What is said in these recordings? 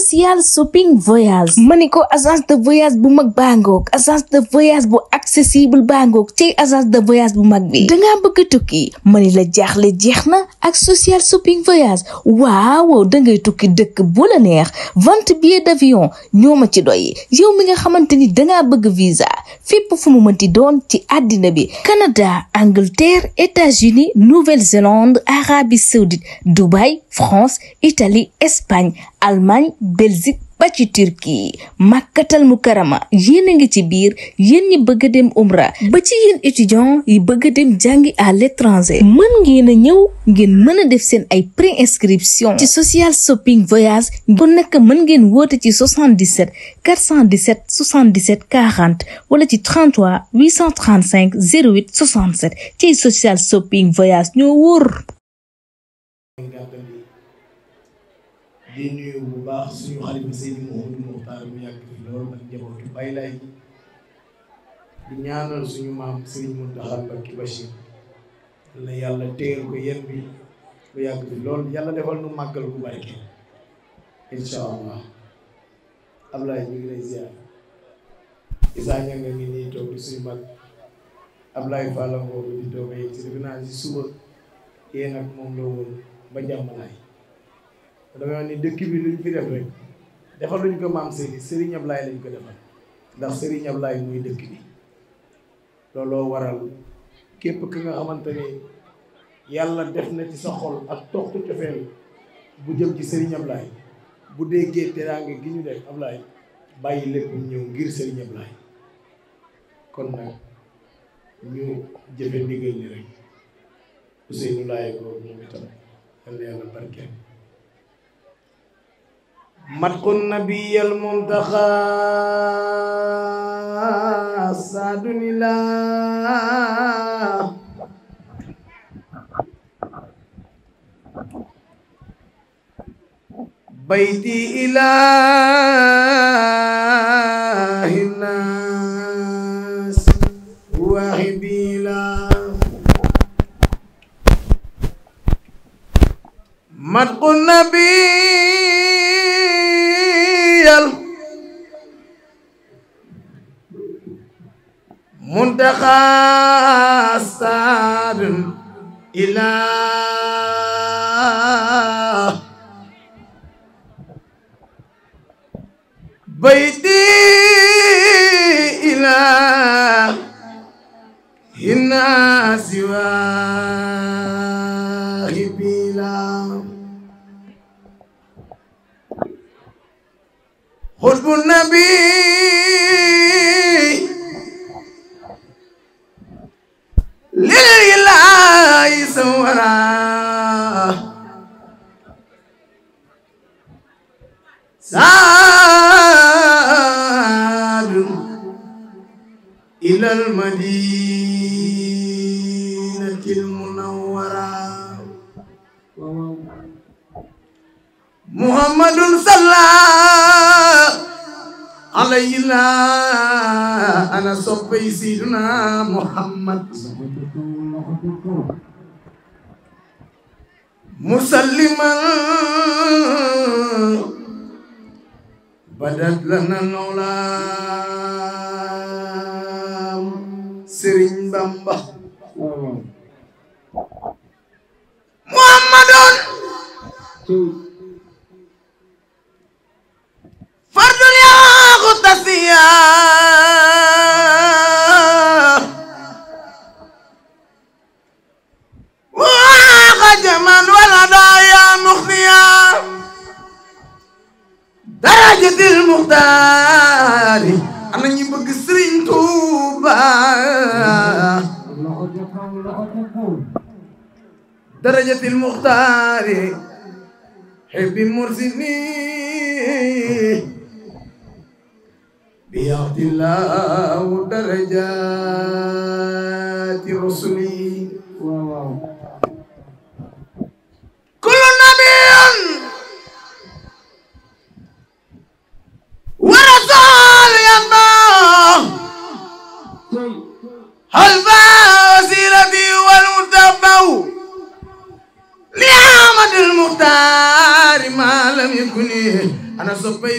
social shopping voyage. ma ne ko agence de voyage bu mag bangoog agence de voyage bu accessible bangoog ci agence de voyage bu mag bi. dangaa bëgg a tukki ma ne la jaaxle jeex na ak social shopping voyage waaw dangay tukki dëkk bu la neex vente billet d'avion ñoo ma ci doy yow mi nga xamante ni dangaa bëgg visa fépp fu mu mënti doon ci àddina bi Canada Angleterre États-Unis Nouvelle-Zélande Arabie Saoudite Dubaï France Italie Espagne. Allemagne Belgique ba ci Turquie makkatal mu karama yéen a ngi ci biir yéen ñi bëgg dem umra ba ci yéen étudiant yi bëgg a dem jàngi à l'étranger mën ngeen a ñëw ngeen mëna def seen ay préinscription ci social shopping voyage kon nag mën ngeen woote ci 77 417 77 40 wala ci 33 835 08 67 ci social shopping voyage ñoo woor di nuyu bu baax suñu xalifa Seydi Mouhamadou Mokhtar mu yàgg fi lool ak njabootu di ñaanal suñu maam Serigne Mountakha Mbacké Bachir yàlla téyal ko yéen bi lu yàgg fi lool yàlla defal nu màggal bu barke incha allah Ablaye ñu ngi lay ziar Issa ña nga ngi toog di suñu mag Ablaye Fall ngoo bi di toog ci defe naa ci suba yéen ak moom la woon ba jàmm damay wax ni dëkk bi lu ñu fi def rek defal luñ ko maam Seydi Serigne Ablaye ko defal ndax Serigne muy dëkk bi looloo waral képp ki nga xamante ni yàlla def na ci sa xol ak toxtu cofeel bu jëm ci Serigne Ablaye bu déggee teraange gi ñu def Ablaye bàyyi lépp ñëw ngir Serigne Ablaye kon nag ñu jëfe ndigal ni rek Ousseynou Laye ko moom itam yàlla yàlla barkeel مدق النبي المنتخى سعد الله بيتي إله الناس وهبي له مدق النبي liggéeyal muntaxa saadun ilaa bayti ilaa hinna siwaa حسب النبي للإله سورا ساد إلى المدينة la ana soppay Seydina Muhammad musalliman badat lana noolam Serigne Bamba Muhammadun درجة المختار حب مرسلني بيعطي الله درجات رسله ku ne ana soppay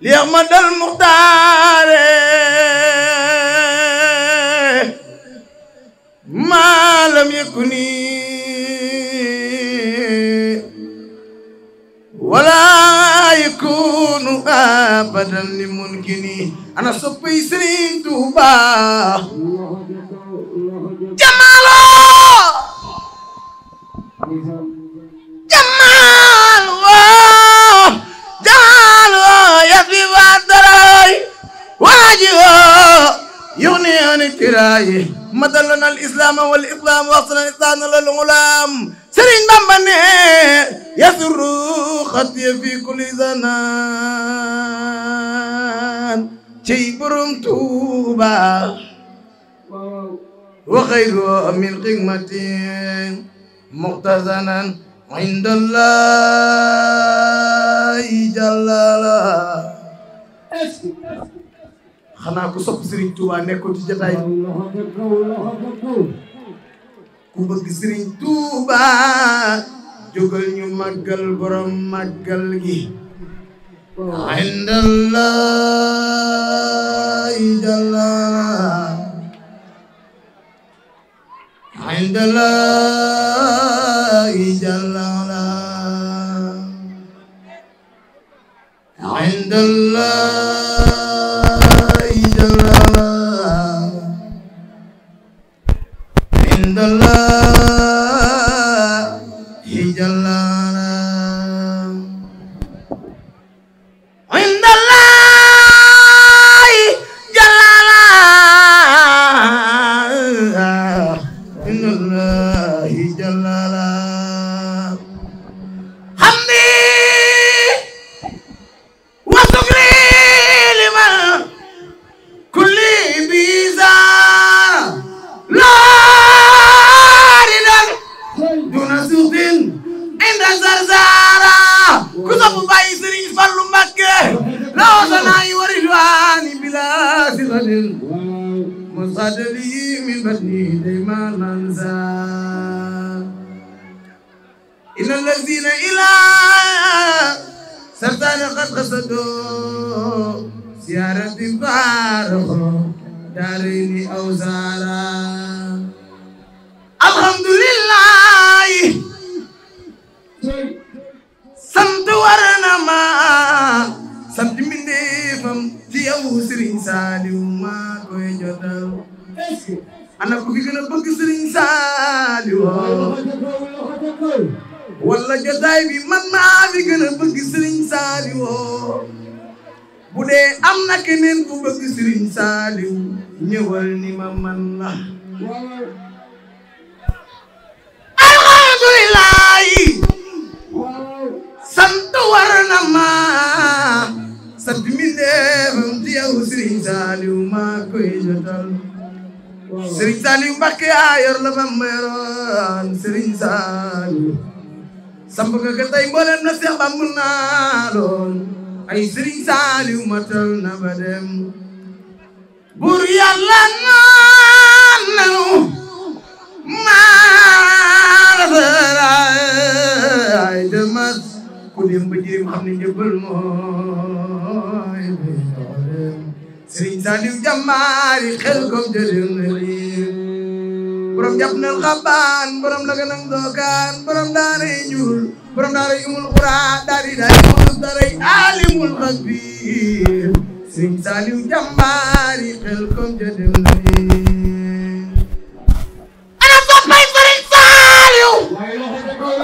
li ma dal muxtaare maalam yëkku wala yakunu abadan li ana soppay Sëriñ Tuubaa billaahi madalana al islaama wal islaam waxsana isaana lal gulaam sëriñ bamba ne yasuru xatiya fi kulli zanaan ciy borom tuuba wa xayru min xigmatin muxtasanan inda allahi jallala xana ko sopp Serigne Touba nekko ci jotaay ku bëgg Serigne Touba jogal ñu magal borom magal gi indallah indallah indallah indallah indallah من الله جلالا حمدي وشكري لمن كل بيزا لا رضا دون سوط عند زرزارا كتب باي سرين فلو مكة لا وزناي ورلوان بلا سلال Rajaleh min batin deman zah Inalazina ilah serta Alhamdulillah ana ku fi gën a bëgg sëriñ Saaliw jotaay bi man maa fi gën a bëgg bu dee am na keneen ku bëgg sëriñ Saaliw ñëwal ni ma man la alhamdulilahi war na ma sant mi dee ti yow sëriñ Saaliw maa koy jotal Serigne Saliou Mbacké yaa yor la ma yoroon Serigne Saliou samp nga ko tey mboolem na Seex Bamba naa ay Serigne Saliou matal na ba dem bur yàlla naan nanu maa rasalaay demas ku dem ba jirim xam ne njëbbal mooy sëriñ Saliw jàmmaari xel kom jëlil na liir borom jàpp nal xabaan borom la ganang dookaan borom daaray ñuul borom daaray umul xuraa daari daari mul daray alimul xabiir sëriñ Saliw jàmmaari xel kom jëlil na liir ana soppay sëriñ Saliw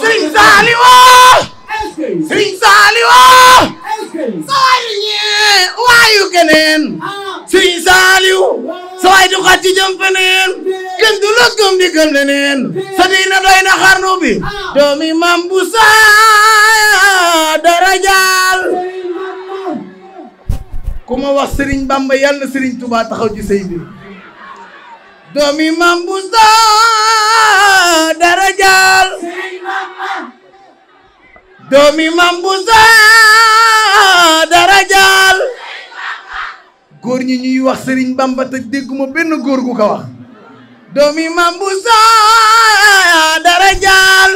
sëriñ Saliw sëriñ Saliw sawaay ñee keneen ah. sëñ Saaliw sawaay du xat ci jëm feneen di gëm leneen sa diina doy na xarnu bi ah. doomi mam bu ku ma wax Sëriñ Bamba na Sëriñ Tuubaa taxaw ci sëy doomi mam bu doomi mam góor ñuy wax Serigne Bamba te dégguma benn góor gu ko wax doomi maam bu saa dara jaal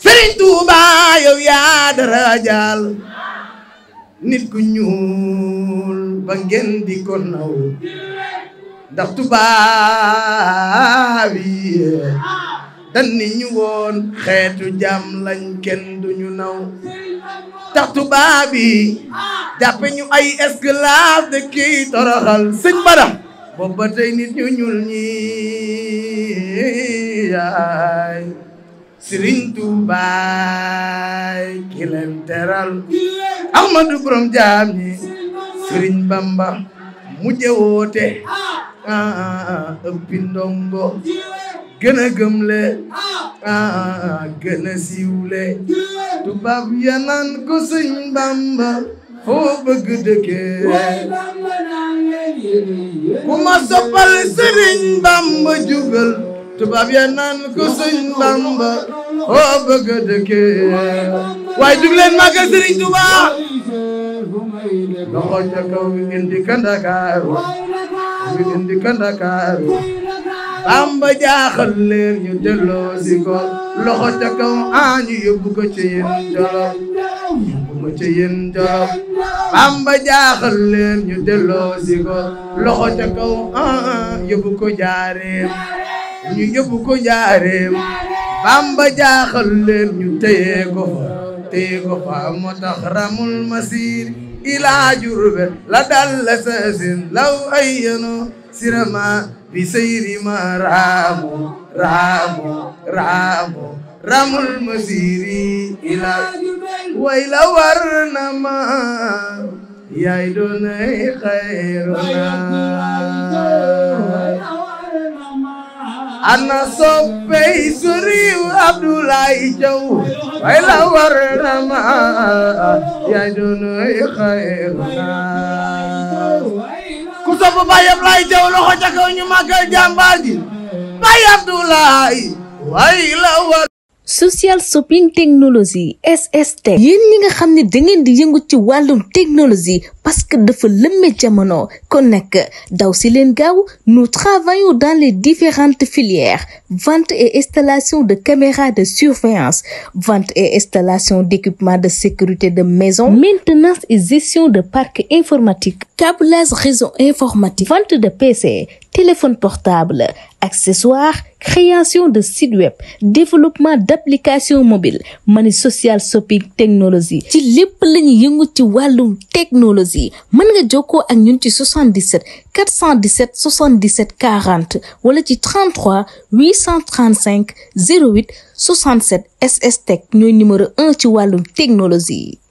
Serigne Touba yaa dara jaal nit ku ñuul ba ngeen di ko naw ndax tubaab yi dan ñu woon xeetu jaam lañ kenn duñu naw tax tubaab yi jàppe ñu ay esclave de kii toroxal sëñ Bada boobu ba tey nit ñu ñuul ñi yaay Sëriñ Tuubaay ki leen teral Ahmadu borom jaam ñi Sëriñ Bamba mujje woote ah, ah, ah, ëppi ndongo gën a gëmle gën a siiwle tubaab ya naan ko sëñ bamba foo bëgg dëkkee ku ma soppal bamba jugal tubaab ya naan ko sëñ bamba foo bëgg dëkkee waaye jug leen màggal sëriñ Tuuba loxo ca kaw indi ka Ndakaaru Bamba jaaxal leen ñu delloo si ko loxo ca kaw a ñu yóbbu ko ci yéen jolof yóbbu ko ci yéen jolof Bamba jaaxal leen ñu delloo loxo ca kaw a yóbbu ko jaareem ñu yóbbu ko jaareem Bamba jaaxal leen ñu téye ko fa téye tax ramul masir ilaa Jurbel la dal la sasin law ay sirama بسير ما رابو رابو رابو رام المسير إلى وإلى ورنما يا دوني خيرنا ana soppey suriw abdoulaye jaw way xayruna ku sopp Baye Abdoulaye Thiaw loxo ca kaw ñu màggal jàmbaar ji Baye Abdoulaye way la wa social shopping technology SST. nga di ci que nous travaillons dans les différentes filières vente et installation de caméras de surveillance vente et installation d'équipements de sécurité de maison maintenance et gestion de parcs informatiques câblage réseau informatique vente de PC téléphone portable accessoires création de site web développement d'applications mobiles, mani social shopping technologie ci lepp lañu yëngu ci technologie nga ak 77 417 77 40 wala ci 33 835 08 67 SS Tech ñoy numéro 1 ci Walum technologie